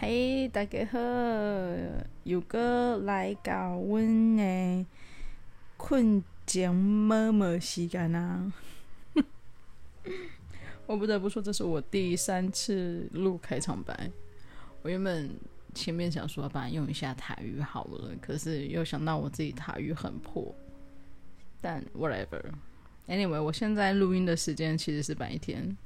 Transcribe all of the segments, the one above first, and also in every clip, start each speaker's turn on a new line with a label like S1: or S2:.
S1: 嘿、hey，大家好，有個來搞阮的困前麼麼時間啊？ 我不得不說，這是我第三次錄開場白。我原本前面想說，把用一下台語好了，可是又想到我自己台語很破。但 whatever，anyway，我現在錄音的時間其實是白天。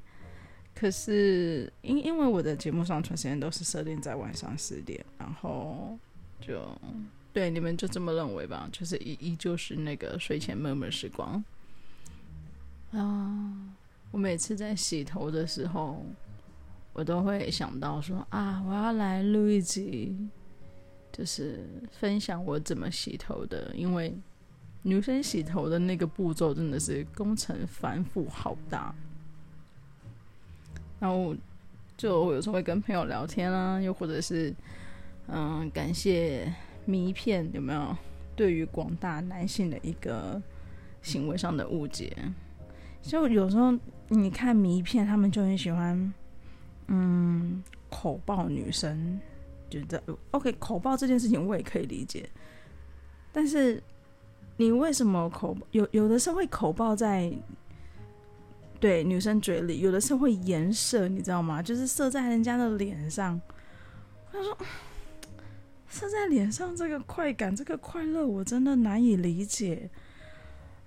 S1: 可是，因因為我的節目上傳時間都是設定在晚上十點，然後就對，你們就這麼認為吧，就是依依舊是那個睡前悶悶時光啊。Uh, 我每次在洗頭的時候，我都會想到說啊，我要來錄一集，就是分享我怎麼洗頭的，因為女生洗頭的那個步驟真的是工程繁複，好大。然後我就有時候會跟朋友聊天啊，又或者是嗯、呃，感謝迷片有沒有？對於廣大男性的一個行為上的誤解，嗯、就有時候你看迷片，他們就很喜歡嗯口爆女生，覺得 OK 口爆這件事情我也可以理解，但是你為什麼口有有的時候會口爆在？對，女生嘴裡有的時候會顏射，你知道嗎？就是射在人家的臉上。他說射在臉上這個快感，這個快樂我真的難以理解。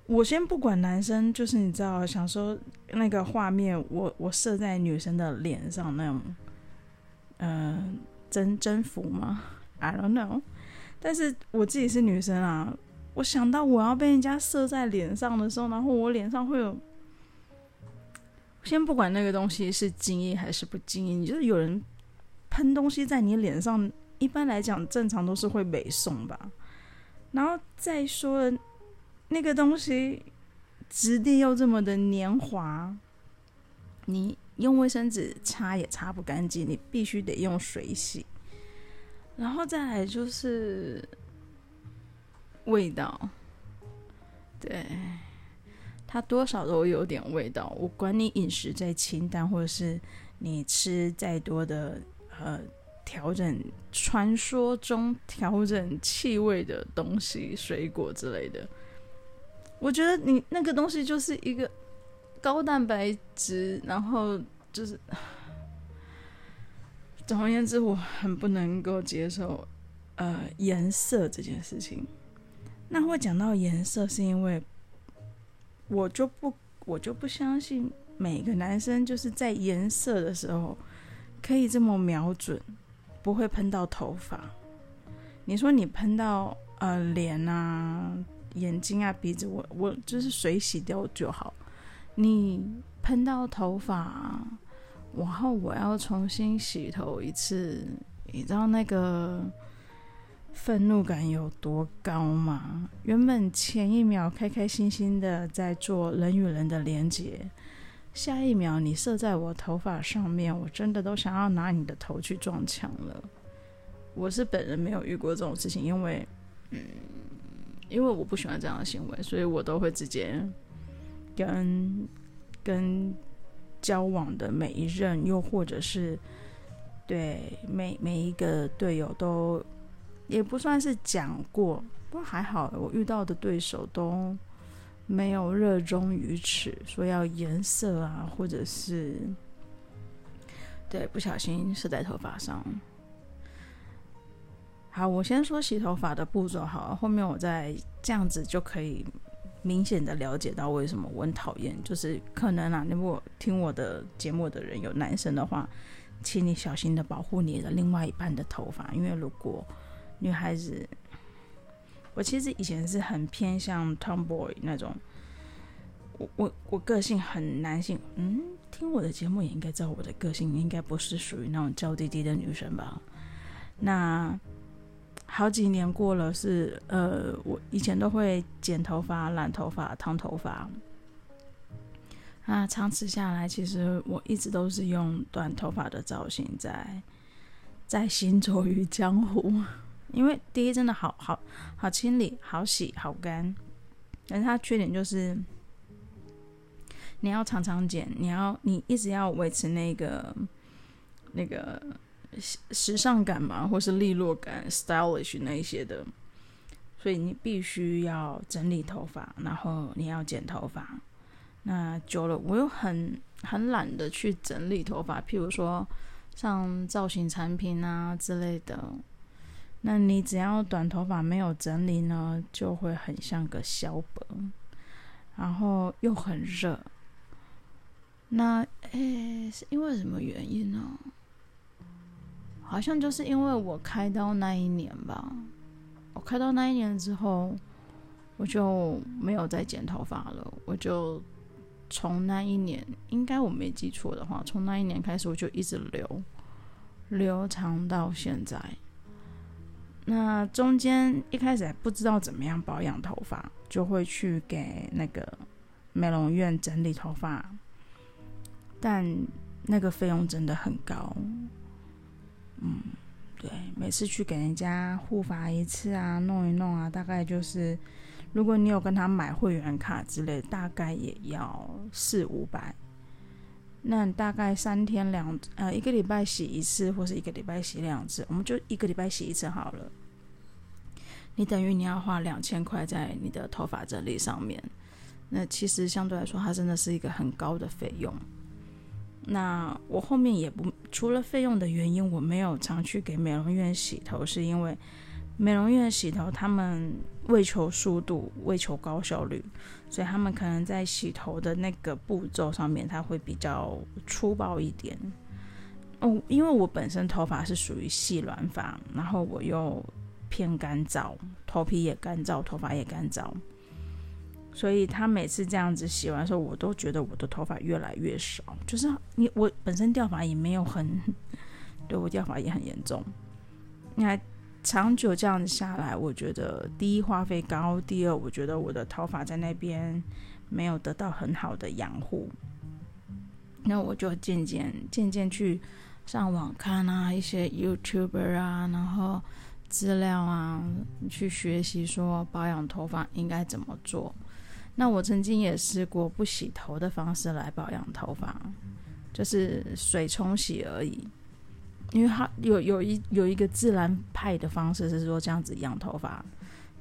S1: 我先不管男生，就是你知道，想說那個畫面我，我我射在女生的臉上那種，呃，征征服嗎？I don't know。但是我自己是女生啊，我想到我要被人家射在臉上的時候，然後我臉上會有。先不管那個東西是精液還是不精液，你就是有人噴東西在你臉上，一般來講正常都是會美送吧。然後再說了，那個東西質地又這麼的黏滑，你用衛生紙擦也擦不乾淨，你必須得用水洗。然後再來就是味道，對。它多少都有點味道，我管你飲食再清淡，或者是你吃再多的呃調整，傳說中調整氣味的東西，水果之類的，我覺得你那個東西就是一個高蛋白質，然後就是總而言之，我很不能夠接受呃顏射這件事情。那會講到顏射，是因為，我就不，我就不相信每個男生就是在顏射的時候可以這麼瞄準，不會噴到頭髮。你說你噴到呃臉啊、眼睛啊、鼻子，我我就是水洗掉就好。你噴到頭髮，往後我要重新洗頭一次。你知道那個？憤怒感有多高嗎？原本前一秒開開心心的在做人與人的連接，下一秒你射在我頭髮上面，我真的都想要拿你的頭去撞牆了。我是本人沒有遇過這種事情，因為，嗯，因為我不喜歡這樣的行為，所以我都會直接跟跟交往的每一任，又或者是對每每一個隊友都。也不算是講過，不過還好，我遇到的對手都沒有熱衷於此，說要顏色啊，或者是，對，不小心射在頭髮上。好，我先說洗頭髮的步驟，好，後面我再這樣子就可以明顯的了解到為什麼我很討厭，就是可能啊，你如果聽我的節目的人有男生的話，請你小心的保護你的另外一半的頭髮，因為如果。女孩子，我其實以前是很偏向 tomboy 那種，我我我個性很男性，嗯，聽我的節目也應該知道我的個性應該不是屬於那種嬌滴滴的女生吧？那好幾年過了是，是呃，我以前都會剪頭髮、染頭髮、燙頭髮，啊，長此下來，其實我一直都是用短頭髮的造型在在行走於江湖。因為第一真的好好好清理、好洗、好乾，但是它缺點就是，你要常常剪，你要你一直要維持那個那個時時尚感嘛，或是利落感、stylish 那一些的，所以你必須要整理頭髮，然後你要剪頭髮。那久了我又很很懶得去整理頭髮，譬如說像造型產品啊之類的。那你只要短頭髮沒有整理呢，就會很像個小本，然後又很熱。那誒，是因為什麼原因呢？好像就是因為我開刀那一年吧。我開刀那一年之後，我就沒有再剪頭髮了。我就從那一年，應該我沒記錯的話，從那一年開始我就一直留，留長到現在。那中間一開始還不知道怎麼樣保養頭髮，就會去給那個美容院整理頭髮，但那個費用真的很高。嗯，對，每次去給人家護髮一次啊，弄一弄啊，大概就是，如果你有跟他買會員卡之類，大概也要四五百。那大概三天兩呃，一個禮拜洗一次，或是一個禮拜洗兩次，我們就一個禮拜洗一次好了。你等於你要花兩千塊在你的頭髮整理上面，那其實相對來說，它真的是一個很高的費用。那我後面也不除了費用的原因，我沒有常去給美容院洗頭，是因為。美容院洗頭，他們為求速度，為求高效率，所以他們可能在洗頭的那個步驟上面，它會比較粗暴一點。哦，因為我本身頭髮是屬於細軟髮，然後我又偏乾燥，頭皮也乾燥，頭髮也乾燥，所以他每次這樣子洗完的時候，我都覺得我的頭髮越來越少。就是你我本身掉髮也沒有很，對，我掉髮也很嚴重。長久這樣下來，我覺得第一花費高，第二我覺得我的頭髮在那邊沒有得到很好的養護，那我就漸漸漸漸去上網看啊一些 YouTuber 啊，然後資料啊去學習說保養頭髮應該怎麼做。那我曾經也試過不洗頭的方式來保養頭髮，就是水沖洗而已。因為他有有一有一個自然派的方式是說這樣子養頭髮，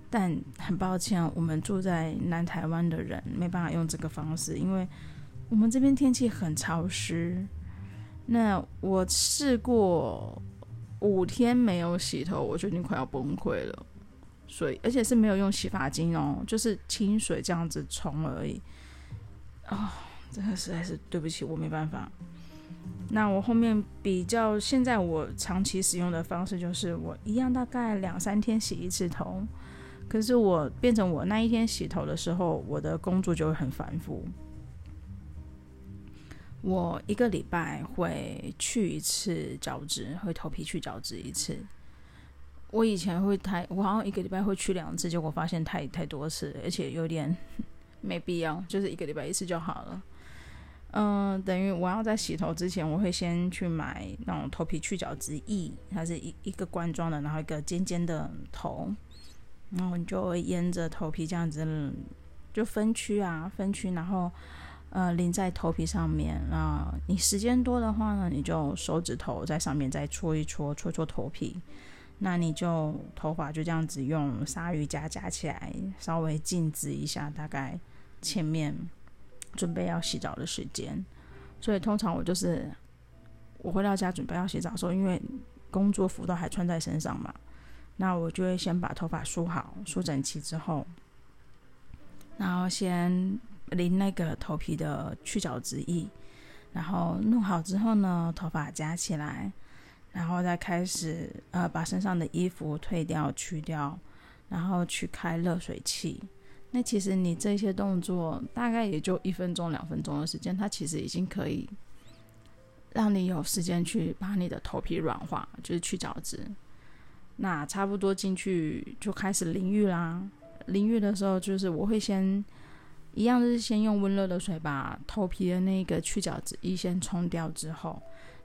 S1: 但很抱歉、哦，我們住在南台灣的人沒辦法用這個方式，因為我們這邊天氣很潮濕。那我試過五天沒有洗頭，我就已經快要崩潰了。所以，而且是沒有用洗髮精哦，就是清水這樣子沖而已。哦，真的實在是對不起，我沒辦法。那我後面比較，現在我長期使用的方式就是，我一樣大概兩三天洗一次頭。可是我變成我那一天洗頭的時候，我的工作就會很繁複。我一個禮拜會去一次角質，會頭皮去角質一次。我以前會太，我好像一個禮拜會去兩次，結果發現太太多次，而且有點沒必要，就是一個禮拜一次就好了。嗯、呃，等於我要在洗頭之前，我會先去買那種頭皮去角質液，它是一一個罐裝的，然後一個尖尖的頭，然後你就沿着頭皮這樣子就分區啊分區，然後呃淋在頭皮上面，啊，你時間多的話呢，你就手指頭在上面再搓一搓搓一搓頭皮，那你就頭髮就這樣子用鯊魚夾夾起來，稍微靜置一下，大概前面。嗯準備要洗澡的時間，所以通常我就是我回到家準備要洗澡的時候，因為工作服都還穿在身上嘛，那我就會先把頭髮梳好、梳整齊之後，然後先淋那個頭皮的去角質液，然後弄好之後呢，頭髮夾起來，然後再開始呃把身上的衣服退掉、去掉，然後去開熱水器。那其實你這些動作大概也就一分鐘、兩分鐘的時間，它其實已經可以讓你有時間去把你的頭皮軟化，就是去角質。那差不多進去就開始淋浴啦。淋浴的時候就是我會先一樣，就是先用溫熱的水把頭皮的那個去角質一先沖掉之後，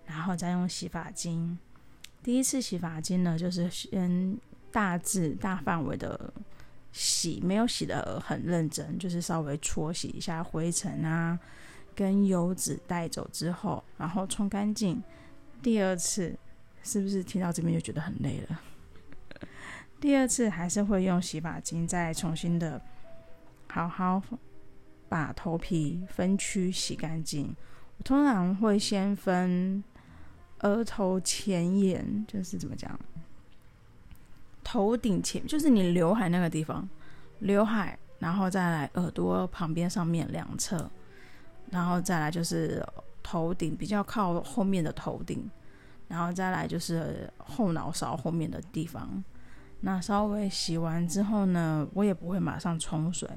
S1: 然後再用洗髮精。第一次洗髮精呢，就是先大致大範圍的。洗沒有洗得很認真，就是稍微搓洗一下灰塵啊，跟油脂帶走之後，然後沖乾淨。第二次是不是聽到這邊就覺得很累了？第二次還是會用洗髮精再重新的好好把頭皮分區洗乾淨。我通常會先分額頭前沿，就是怎麼講？頭頂前就是你劉海那個地方，劉海，然後再來耳朵旁邊上面兩側，然後再來就是頭頂比較靠後面的頭頂，然後再來就是後腦勺後面的地方。那稍微洗完之後呢，我也不會馬上沖水，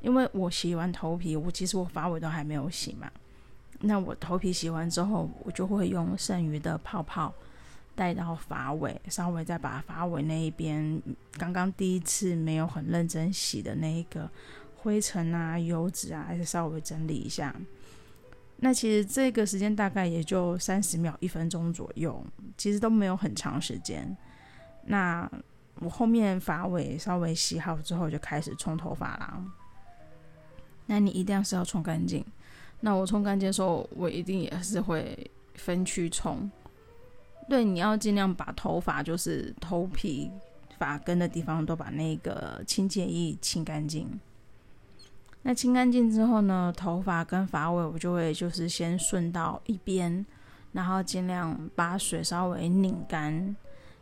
S1: 因為我洗完頭皮，我其實我髮尾都還沒有洗嘛，那我頭皮洗完之後，我就會用剩餘的泡泡。帶到髮尾，稍微再把髮尾那一邊，剛剛第一次沒有很認真洗的那一個灰塵啊、油脂啊，還是稍微整理一下。那其實這個時間大概也就三十秒、一分鐘左右，其實都沒有很長時間。那我後面髮尾稍微洗好之後，就開始沖頭髮啦。那你一定要是要沖乾淨。那我沖乾淨的時候，我一定也是會分區沖。對，你要盡量把頭髮，就是頭皮、髮根的地方，都把那個清潔液清乾淨。那清乾淨之後呢，頭髮跟髮尾我就會就是先順到一邊，然後盡量把水稍微擰乾。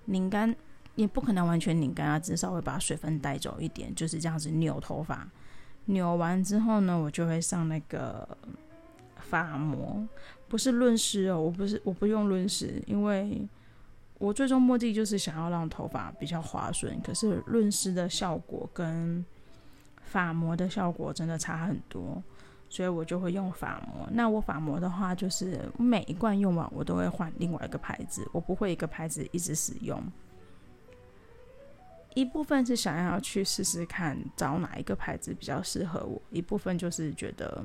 S1: 擰乾也不可能完全擰乾啊，只稍微把水分帶走一點，就是這樣子扭頭髮。扭完之後呢，我就會上那個髮膜。不是潤絲哦，我不是，我不用潤絲，因為我最終目的就是想要讓頭髮比較滑順。可是潤絲的效果跟髮膜的效果真的差很多，所以我就會用髮膜。那我髮膜的話，就是每一罐用完我都會換另外一個牌子，我不會一個牌子一直使用。一部分是想要去試試看找哪一個牌子比較適合我，一部分就是覺得。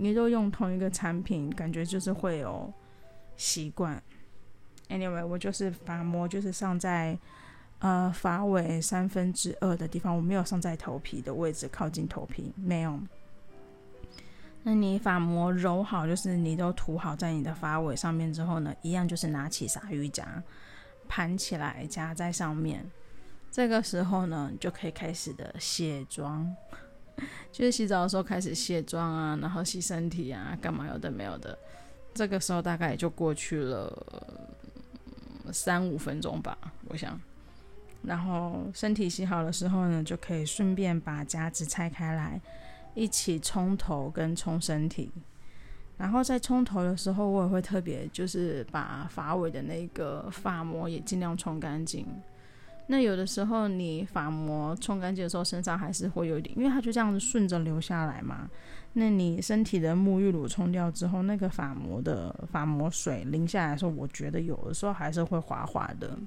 S1: 你都用同一個產品，感覺就是會有習慣。Anyway，我就是髮膜，就是上在呃髮尾三分之二的地方，我沒有上在頭皮的位置，靠近頭皮沒有。那你髮膜揉好，就是你都塗好在你的髮尾上面之後呢，一樣就是拿起鯊魚夾盤起來夾在上面。這個時候呢，就可以開始的卸妝。就是洗澡的時候開始卸妝啊，然後洗身體啊，幹嘛有的沒有的，這個時候大概也就過去了三五分鐘吧，我想。然後身體洗好了之後呢，就可以順便把夾子拆開來，一起衝頭跟衝身體。然後在衝頭的時候，我也會特別就是把髮尾的那個髮膜也盡量衝乾淨。那有的時候你髮膜沖乾淨的時候，身上還是會有一點，因為它就這樣子順着流下來嘛。那你身體的沐浴乳沖掉之後，那個髮膜的髮膜水淋下來的時候，我覺得有的時候還是會滑滑的，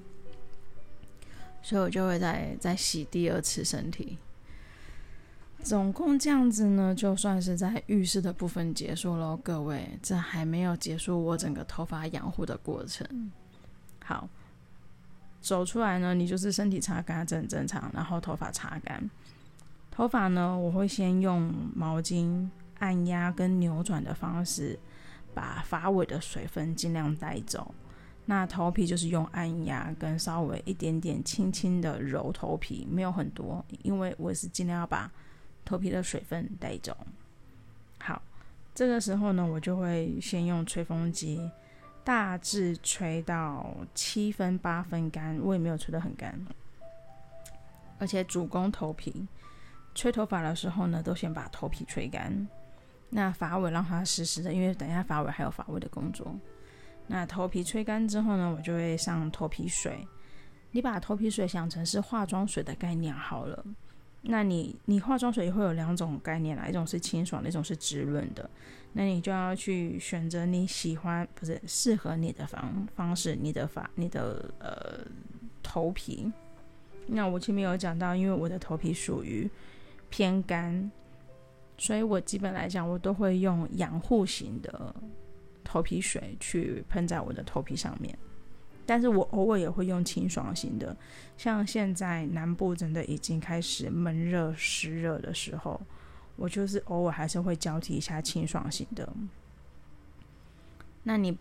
S1: 所以我就會再再洗第二次身體。總共這樣子呢，就算是在浴室的部分結束嘍，各位，這還沒有結束我整個頭髮養護的過程。好。走出來呢，你就是身體擦乾很正常，然後頭髮擦乾。頭髮呢，我會先用毛巾按壓跟扭轉的方式，把髮尾的水分儘量帶走。那頭皮就是用按壓跟稍微一點點輕輕的揉頭皮，沒有很多，因為我是儘量要把頭皮的水分帶走。好，這個時候呢，我就會先用吹風機。大致吹到七分八分乾，我也沒有吹得很乾。而且主攻頭皮，吹頭髮的時候呢，都先把頭皮吹乾。那髮尾讓它濕濕的，因為等一下髮尾還有髮尾的工作。那頭皮吹乾之後呢，我就會上頭皮水。你把頭皮水想成是化妝水的概念好了。那你你化妝水也會有兩種概念啦，一種是清爽的，一種是滋潤的。那你就要去選擇你喜歡，不是適合你的方方式，你的髮，你的呃頭皮。那我前面有講到，因為我的頭皮屬於偏乾，所以我基本來講我都會用養護型的頭皮水去噴在我的頭皮上面。但是我偶爾也會用清爽型的，像現在南部真的已經開始悶熱濕熱的時候，我就是偶爾還是會交替一下清爽型的。那你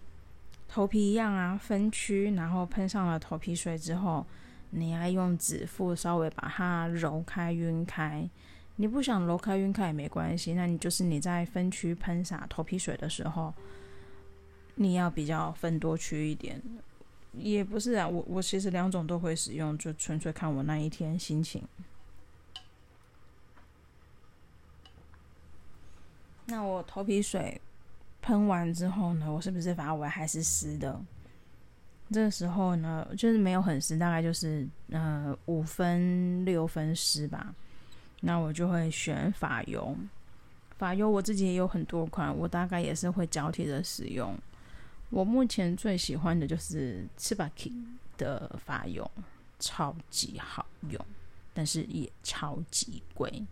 S1: 頭皮一樣啊，分區，然後噴上了頭皮水之後，你要用指腹稍微把它揉開暈開。你不想揉開暈開也沒關係，那你就是你在分區噴灑頭皮水的時候，你要比較分多區一點。也不是啊，我我其實兩種都會使用，就純粹看我那一天心情。那我頭皮水噴完之後呢，我是不是髮尾還是濕的？這時候呢，就是沒有很濕，大概就是呃五分六分濕吧。那我就會選髮油，髮油我自己也有很多款，我大概也是會交替的使用。我目前最喜歡的就是吃 h k b 的髮油，超級好用，但是也超級貴。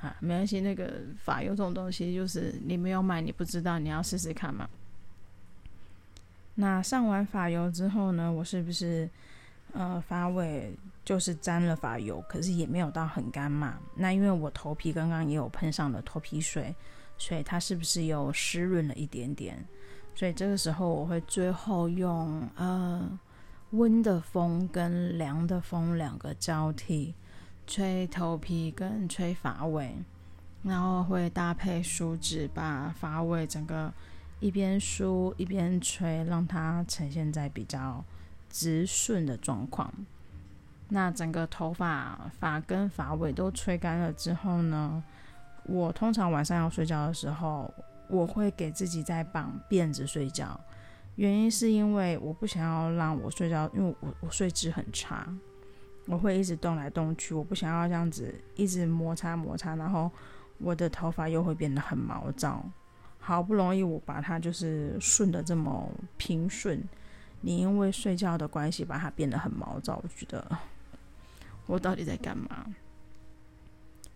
S1: 啊，沒關係，那個髮油這種東西就是你沒有買，你不知道，你要試試看嘛。那上完髮油之後呢，我是不是呃髮尾就是沾了髮油，可是也沒有到很乾嘛。那因為我頭皮剛剛也有噴上了頭皮水，所以它是不是又濕潤了一點點？所以這個時候，我會最後用呃溫的風跟涼的風兩個交替吹頭皮跟吹髮尾，然後會搭配梳子把髮尾整個一邊梳一邊吹，讓它呈現在比較直順的狀況。那整個頭髮髮根髮尾都吹乾了之後呢，我通常晚上要睡覺的時候。我會給自己在綁辮子睡覺，原因是因為我不想要讓我睡覺，因為我我睡姿很差，我會一直動來動去，我不想要這樣子一直摩擦摩擦，然後我的頭髮又會變得很毛躁。好不容易我把它就是順的這麼平順，你因為睡覺的關係把它變得很毛躁，我覺得我到底在幹嘛？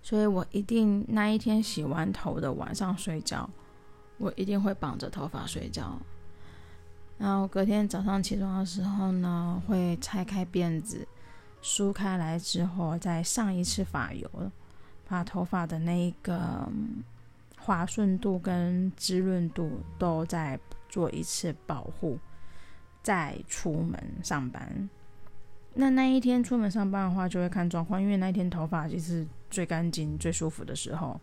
S1: 所以我一定那一天洗完頭的晚上睡覺。我一定會綁着頭髮睡覺，然後隔天早上起床的時候呢，會拆開辮子，梳開來之後再上一次髮油，把頭髮的那一個滑順度跟滋潤度都再做一次保護，再出門上班。那那一天出門上班的話，就會看狀況，因為那一天頭髮其實最乾淨、最舒服的時候。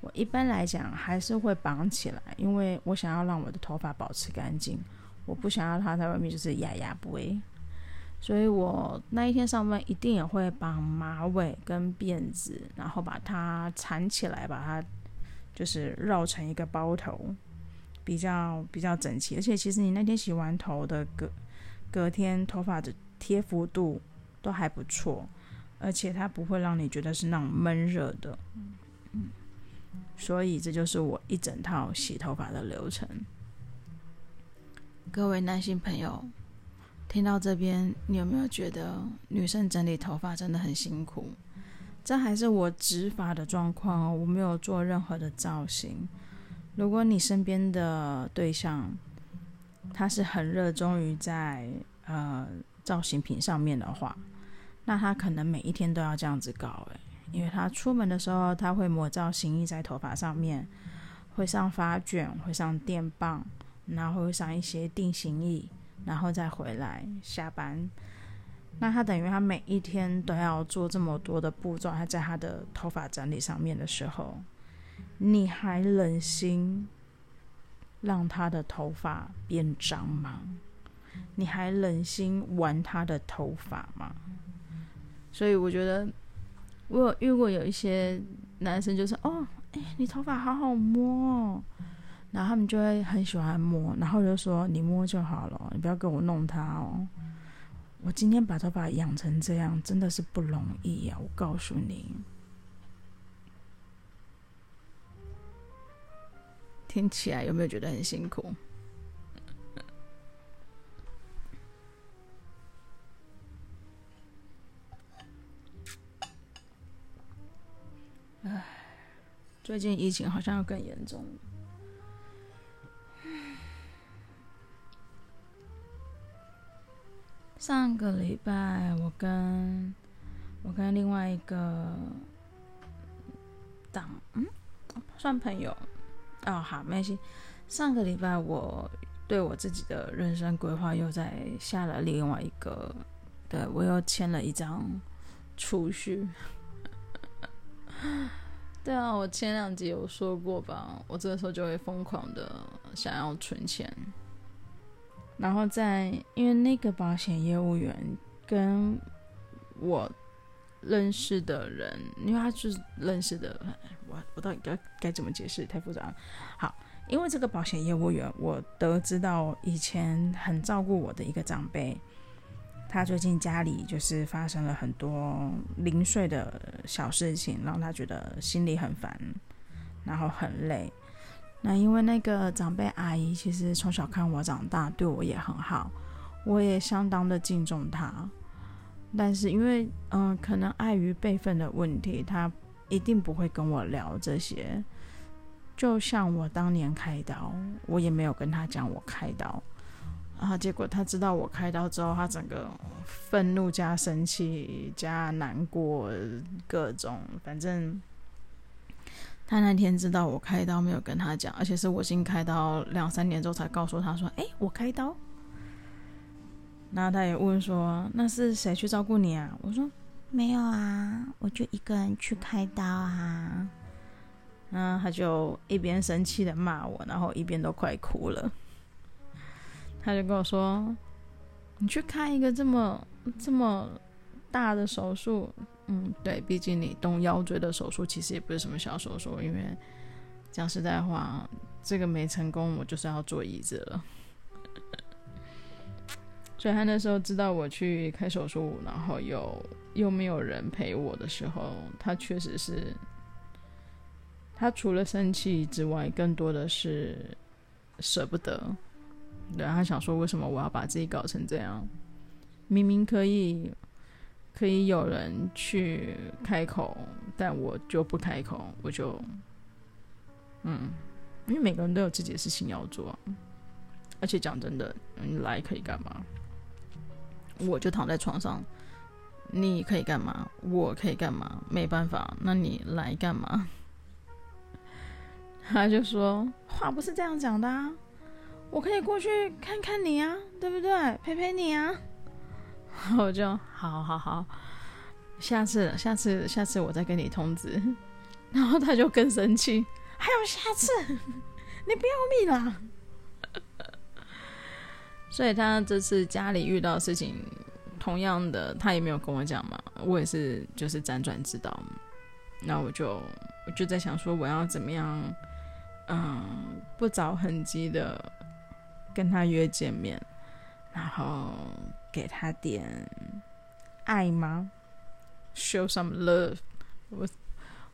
S1: 我一般來講還是會綁起來，因為我想要讓我的頭髮保持乾淨，我不想要它在外面就是壓壓不哎，所以我那一天上班一定也會綁馬尾跟辮子，然後把它纏起來，把它就是繞成一個包頭，比較比較整齊。而且其實你那天洗完頭的隔隔天頭髮的貼服度都還不錯，而且它不會讓你覺得是那種悶熱的。嗯。所以這就是我一整套洗頭髮的流程。各位男性朋友，聽到這邊，你有沒有覺得女生整理頭髮真的很辛苦？這還是我直髮的狀況哦，我沒有做任何的造型。如果你身邊的對象他是很熱衷於在呃造型品上面的話，那他可能每一天都要這樣子搞欸。因為他出門的時候，他會抹造型液在頭髮上面，會上髮捲，會上電棒，然後會上一些定型液，然後再回來下班。那他等於他每一天都要做這麼多的步驟，他在他的頭髮整理上面的時候，你還忍心讓他的頭髮變髒嗎？你還忍心玩他的頭髮嗎？所以我覺得。我有遇過有一些男生，就是哦，哎，欸，你頭髮好好摸哦，然後他們就會很喜歡摸，然後就說你摸就好了，你不要給我弄它哦。嗯。我今天把頭髮養成這樣，真的是不容易啊！我告訴你。聽起來有沒有覺得很辛苦？最近疫情好像又更嚴重了，上個禮拜，我跟我跟另外一個黨，嗯，算朋友，哦，好，沒事。上個禮拜，我對我自己的人生規劃又在下了另外一個，對，我又簽了一張儲蓄。 對啊，我前兩集有說過吧，我這個時候就會瘋狂的想要存錢，然後在因為那個保險業務員跟我認識的人，因為他是認識的，我我到底該該怎麼解釋？太複雜了。好，因為這個保險業務員，我得知到以前很照顧我的一個長輩。他最近家裡就是發生了很多零碎的小事情，讓他覺得心裡很煩，然後很累。那因為那個長輩阿姨其實從小看我長大，對我也很好，我也相當的敬重她。但是因為嗯、呃，可能礙於輩分的問題，他一定不會跟我聊這些。就像我當年開刀，我也沒有跟他講我開刀。然後結果他知道我開刀之後，他整個憤怒加生氣加難過，各種反正他那天知道我開刀沒有跟他講，而且是我先開刀兩三年之後才告訴他說：“哎，我開刀。”然後他也問說：“那是誰去照顧你啊？”我說：“沒有啊，我就一個人去開刀啊。”然後他就一邊生氣的罵我，然後一邊都快哭了。他就跟我說：“你去開一個這麼這麼大的手術，嗯，對，畢竟你動腰椎的手術其實也不是什麼小手術。因為講實在話，這個沒成功，我就是要坐椅子了。”所以他那時候知道我去開手術，然後又又沒有人陪我的時候，他確實是，他除了生氣之外，更多的是捨不得。對，他想說為什麼我要把自己搞成這樣？明明可以，可以有人去開口，但我就不開口，我就，嗯，因為每個人都有自己的事情要做。而且講真的，你來可以幹嘛？我就躺在床上。你可以幹嘛？我可以幹嘛？沒辦法，那你來幹嘛？他就說，話不是這樣講的啊。我可以過去看看你啊，對不對？陪陪你啊，我就好好好，下次下次下次我再跟你通知。然後他就更生氣，還有下次 你不要命啦。所以他這次家裡遇到事情，同樣的他也沒有跟我講嘛，我也是就是輾轉知道。那我就我就在想說我要怎麼樣，嗯，不着痕迹的。跟他約見面，然後給他點愛嗎？Show some love。我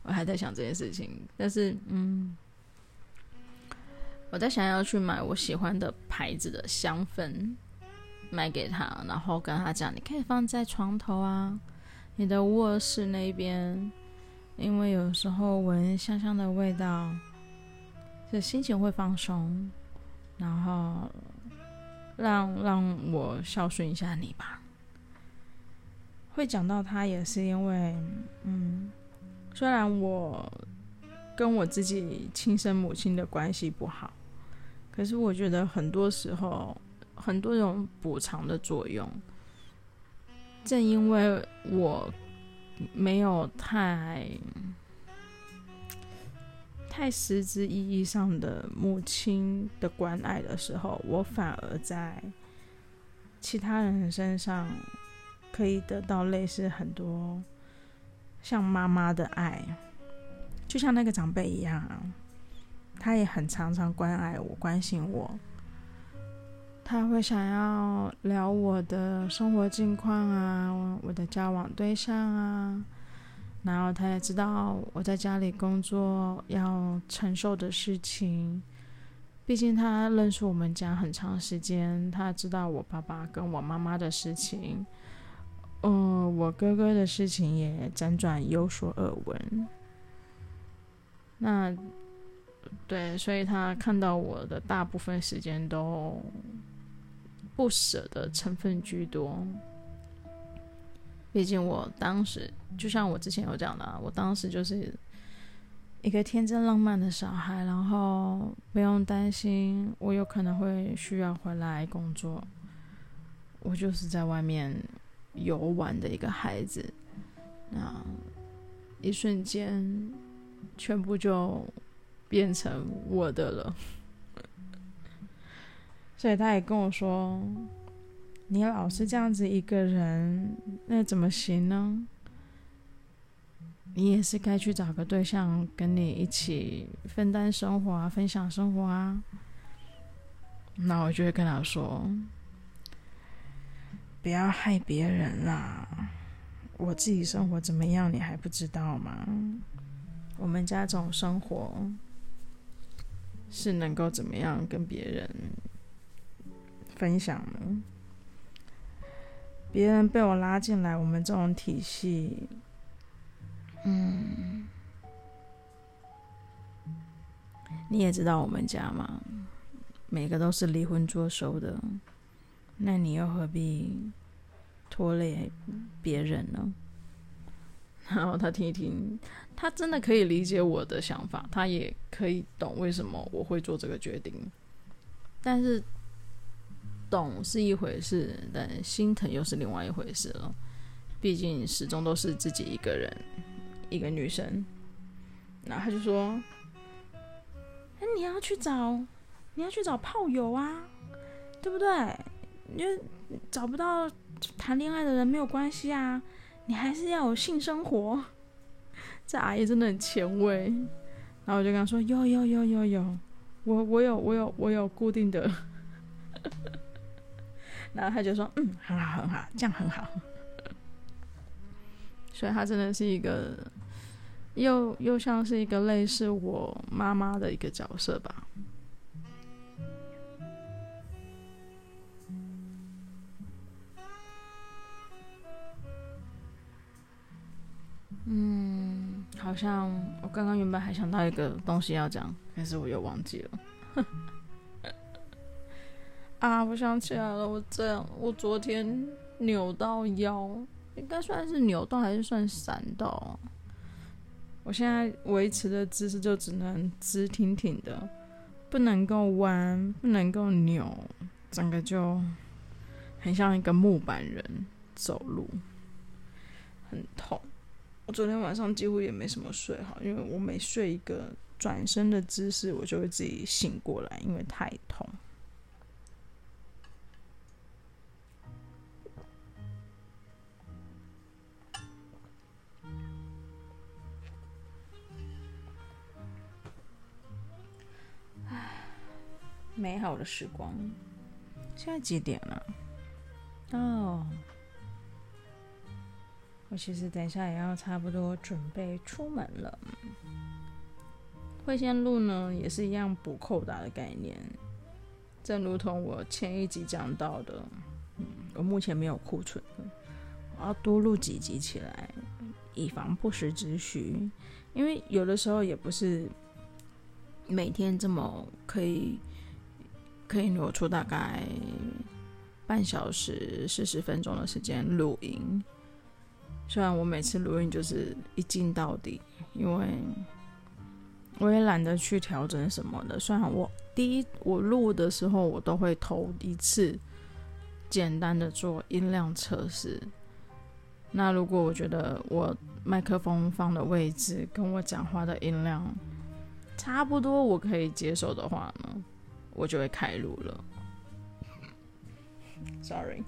S1: 我還在想這件事情，但是嗯，我在想要去買我喜歡的牌子的香氛買給他，然後跟他講，你可以放在床頭啊，你的臥室那邊，因為有時候聞香香的味道，就心情會放鬆。然後，讓讓我孝順一下你吧。會講到他也是因為，嗯，雖然我跟我自己親生母親的關係不好，可是我覺得很多時候，很多種補償的作用，正因為我沒有太。太實質意義上的母親的關愛的時候，我反而在其他人身上可以得到類似很多像媽媽的愛，就像那個長輩一樣啊，他也很常常關愛我、關心我，他會想要聊我的生活近況啊，我的交往對象啊。然後他也知道我在家裡工作要承受的事情，畢竟他認識我們家很長時間，他知道我爸爸跟我媽媽的事情，呃，我哥哥的事情也輾轉有所耳聞。那對，所以他看到我的大部分時間都不捨的成分居多。畢竟我當時，就像我之前有講的啊，我當時就是一個天真浪漫的小孩，然後不用擔心我有可能會需要回來工作，我就是在外面遊玩的一個孩子，那一瞬間，全部就變成我的了， 所以他也跟我說。你老是這樣子一個人，那怎麼行呢？你也是該去找個對象，跟你一起分擔生活啊，分享生活啊。那我就會跟他說：“不要害別人啦，我自己生活怎麼樣，你還不知道嗎？我們家這種生活，是能夠怎麼樣跟別人分享呢？別人被我拉進來，我們這種體系，嗯，你也知道我們家嘛，每個都是離婚作手的，那你又何必拖累別人呢？然後他聽一聽，他真的可以理解我的想法，他也可以懂為什麼我會做這個決定，但是。懂是一回事，但心疼又是另外一回事了。畢竟始終都是自己一個人，一個女生。然後他就說：“哎、欸，你要去找，你要去找炮友啊，對不對？你就找不到談戀愛的人沒有關係啊，你還是要有性生活。 ”這阿姨真的很前衛。然後我就跟他說：“有有有有有，我我有我有我有固定的。 ”然後他就說：“嗯，很好，好，很好，這樣很好。 ”所以他真的是一個又，又又像是一個類似我媽媽的一個角色吧。嗯，好像我剛剛原本還想到一個東西要講，但是我又忘記了。 啊！我想起來了，我這樣，我昨天扭到腰，應該算是扭到還是算閃到啊？我現在維持的姿勢就只能直挺挺的，不能夠彎，不能夠扭，整個就很像一個木板人走路，很痛。我昨天晚上幾乎也沒什麼睡好，因為我每睡一個轉身的姿勢，我就會自己醒過來，因為太痛。美好的時光，現在幾點了？哦，oh，我其實等一下也要差不多準備出門了。會先錄呢，也是一樣不扣打的概念。正如同我前一集講到的，嗯，我目前沒有庫存的，我要多錄幾集起來，以防不時之需。因為有的時候也不是每天這麼可以，可以挪出大概半小時四十分鐘的時間錄音。雖然我每次錄音就是一鏡到底，因為我也懶得去調整什麼的。雖然我第一，我錄的時候，我都會頭一次簡單的做音量測試。那如果我覺得我麥克風放的位置跟我講話的音量差不多，我可以接受的話呢，我就會開路了。Sorry，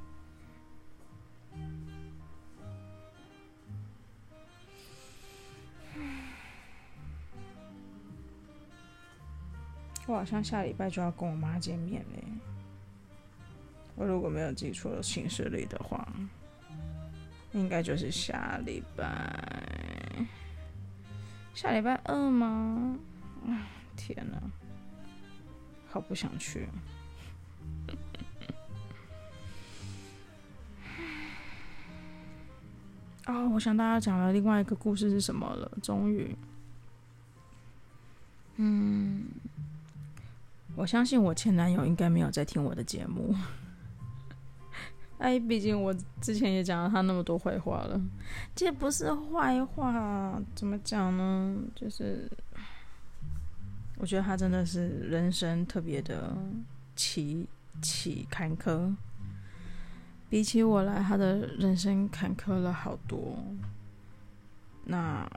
S1: 我好像下禮拜就要跟我媽見面了。我如果沒有記錯行事曆的話，應該就是下禮拜，下禮拜二嗎？天哪！我不想去。啊、哦，我想大家講的另外一個故事是什麼了？終於，嗯，我相信我前男友應該沒有在聽我的節目。哎，畢竟我之前也講了他那麼多壞話了。這不是壞話，怎麼講呢？就是。我覺得他真的是人生特別的起起坎坷，比起我來，他的人生坎坷了好多。那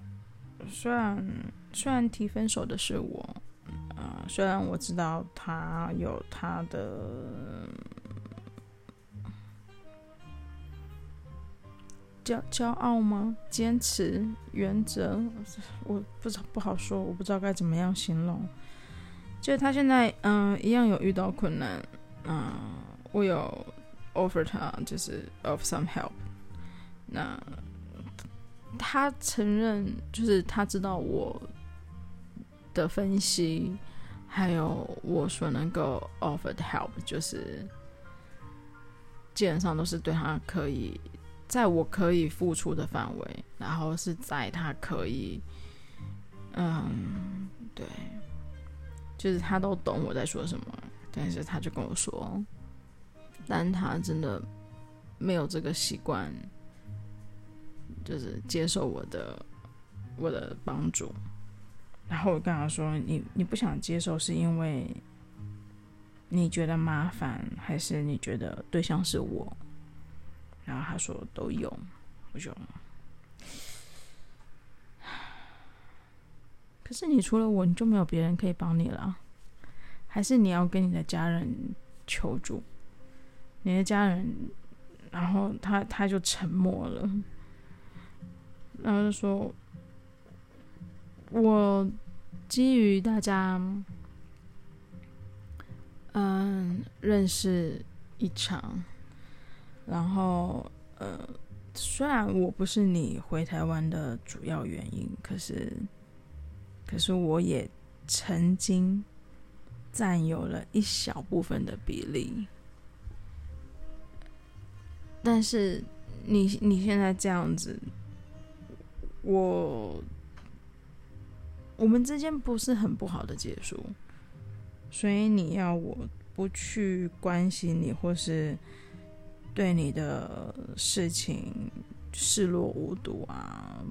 S1: 雖然雖然提分手的是我，啊、呃，雖然我知道他有他的。驕驕傲嗎？堅持原則，我不知，不好說，我不知道該怎麼樣形容。就他現在，嗯、呃，一樣有遇到困難，嗯、呃，我有 offer 他，就是 of some help。那他承認，就是他知道我的分析，還有我所能夠 offer 的 help，就是基本上都是對他可以。在我可以付出的範圍，然後是在他可以，嗯，對，就是他都懂我在說什麼，但是他就跟我說，但他真的沒有這個習慣，就是接受我的我的幫助。然後我跟他說：“你你不想接受，是因為你覺得麻煩，還是你覺得對象是我？”然後他說都有，不用，我就。可是你除了我，你就沒有別人可以幫你了，還是你要跟你的家人求助？你的家人，然後他他就沉默了，然後就說：“我基於大家，嗯，認識一場。”然後，呃，雖然我不是你回台灣的主要原因，可是，可是我也曾經占有了一小部分的比例。但是你你現在這樣子，我我們之間不是很不好的結束，所以你要我不去關心你，或是。對你的事情視若無睹啊！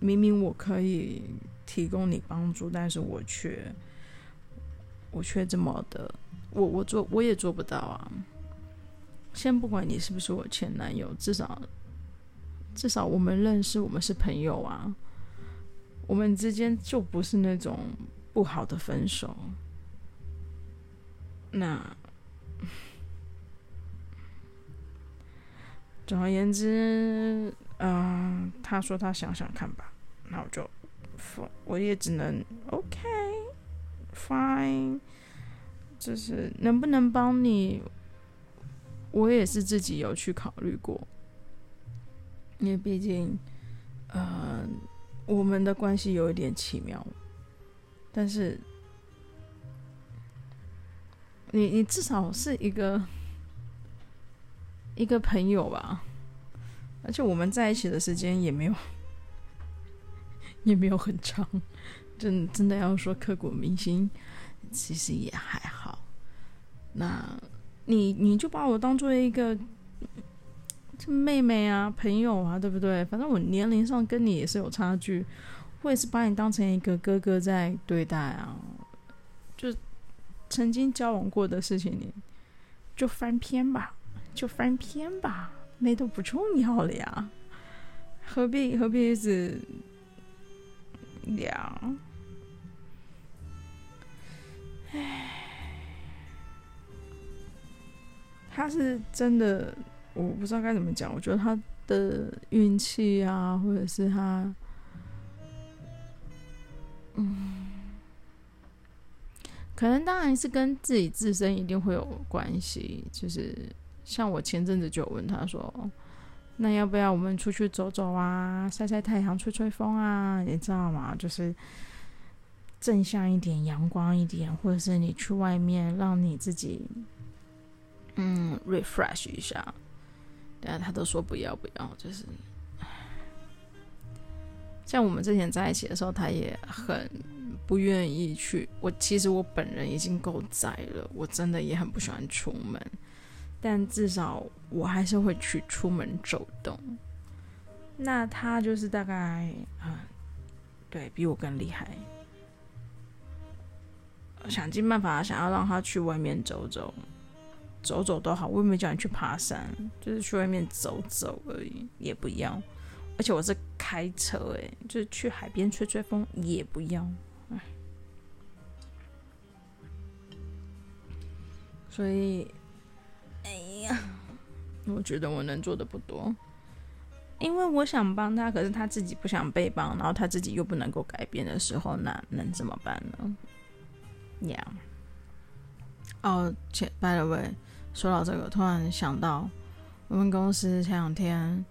S1: 明明我可以提供你幫助，但是我卻我卻這麼的，我我做我也做不到啊！先不管你是不是我前男友，至少至少我們認識，我們是朋友啊，我們之間就不是那種不好的分手。那。總而言之，啊、呃，他說他想想看吧，那我就，我我也只能 OK，Fine，、OK, 就是能不能幫你，我也是自己有去考慮過，因為畢竟，呃，我們的關係有一點奇妙，但是，你你至少是一個。一個朋友吧，而且我們在一起的時間也沒有，也沒有很長，真真的要說刻骨銘心，其實也還好。那你，你你就把我當做一個這妹妹啊，朋友啊，對不對？反正我年齡上跟你也是有差距，我也是把你當成一個哥哥在對待啊。就曾經交往過的事情，你就翻篇吧。就翻篇吧，那都不重要了呀，何必何必一直聊？唉，他是真的，我不知道該怎麼講。我覺得他的運氣啊，或者是他，嗯，可能當然是跟自己自身一定會有關係，就是。像我前陣子就有問他說：“那要不要我們出去走走啊，曬曬太陽，吹吹風啊？你知道嗎？就是正向一點，陽光一點，或者是你去外面，讓你自己嗯 refresh 一下。”但他都說不要不要，就是像我們之前在一起的時候，他也很不願意去。我其實我本人已經夠宅了，我真的也很不喜歡出門。但至少我還是會去出門走動，那他就是大概、嗯、對，比我更厲害，想盡辦法想要讓他去外面走走，走走都好，我也沒叫你去爬山，就是去外面走走而已，也不要，而且我是開車誒、欸，就是去海邊吹吹風也不要，所以。我覺得我能做的不多，因為我想幫他，可是他自己不想被幫，然後他自己又不能夠改變的時候，那能怎麼辦呢？Yeah。哦，且 by the way，說到這個，突然想到我們公司前兩天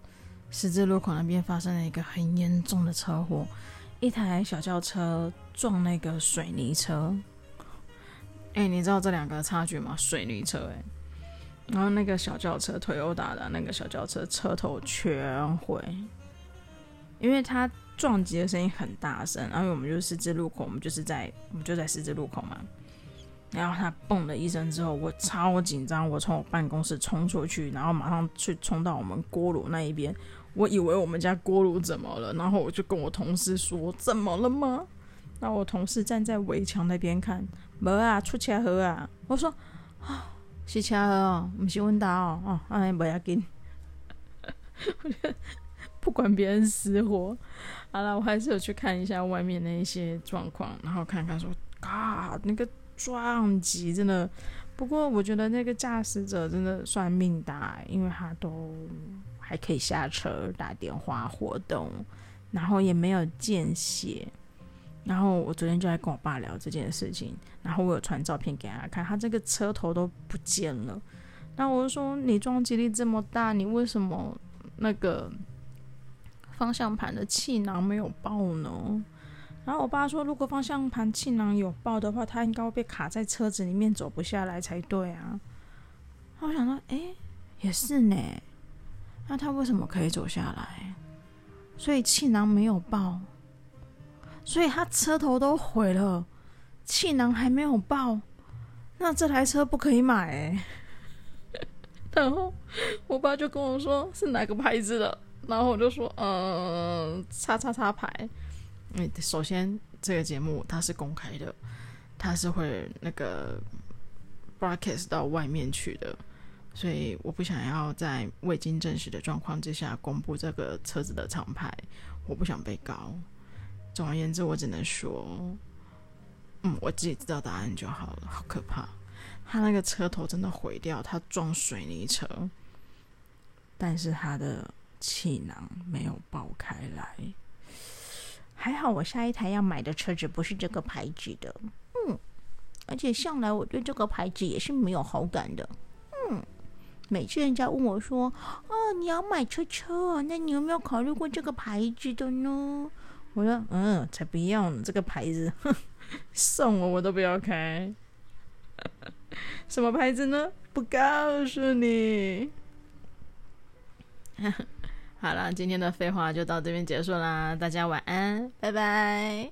S1: 十字路口那邊發生了一個很嚴重的車禍，一台小轎車撞那個水泥車。哎，你知道這兩個差距嗎？水泥車，哎。然後那個小轎車，Toyota 的那個小轎車，車頭全毀，因為他撞擊的聲音很大聲。然後我們就十字路口，我們就是在，我們就在十字路口嘛。然後他蹦了一聲之後，我超緊張，我從我辦公室衝出去，然後馬上去衝到我們鍋爐那一邊。我以為我們家鍋爐怎麼了，然後我就跟我同事說：“怎麼了嗎？”那我同事站在圍牆那邊看，沒啊，出車禍啊！我說啊。洗車哦，不是問答哦，哦，哎，不要緊。 我覺得不管別人死活，好了，我還是有去看一下外面的一些狀況，然後看看說，啊，那個撞擊真的，不過我覺得那個駕駛者真的算命大，因為他都還可以下車打電話活動，然後也沒有見血。然後我昨天就在跟我爸聊這件事情，然後我有傳照片給他看，他這個車頭都不見了。那我就說，你撞擊力這麼大，你為什麼那個方向盤的氣囊沒有爆呢？然後我爸說，如果方向盤氣囊有爆的話，他應該會被卡在車子裡面走不下來才對啊。然後我想說，誒，也是呢。那他為什麼可以走下來？所以氣囊沒有爆。所以他車頭都毀了，氣囊還沒有爆，那這台車不可以買、欸。 然後我爸就跟我說是哪個牌子的，然後我就說嗯、呃，叉叉叉牌。因為首先這個節目它是公開的，它是會那個 broadcast 到外面去的，所以我不想要在未經證實的狀況之下公布這個車子的廠牌，我不想被告。總而言之，我只能說，嗯，我自己知道答案就好了。好可怕！他那個車頭真的毀掉，他撞水泥車，但是他的氣囊沒有爆開來，還好。我下一台要買的車子不是這個牌子的，嗯，而且向來我對這個牌子也是沒有好感的，嗯。每次人家問我說：“哦，你要買車車，那你有沒有考慮過這個牌子的呢？”我說，嗯，才不要呢。這個牌子，哼，送我我都不要開，什麼牌子呢？不告訴你。 好了，今天的廢話就到這邊結束啦，大家晚安，拜拜。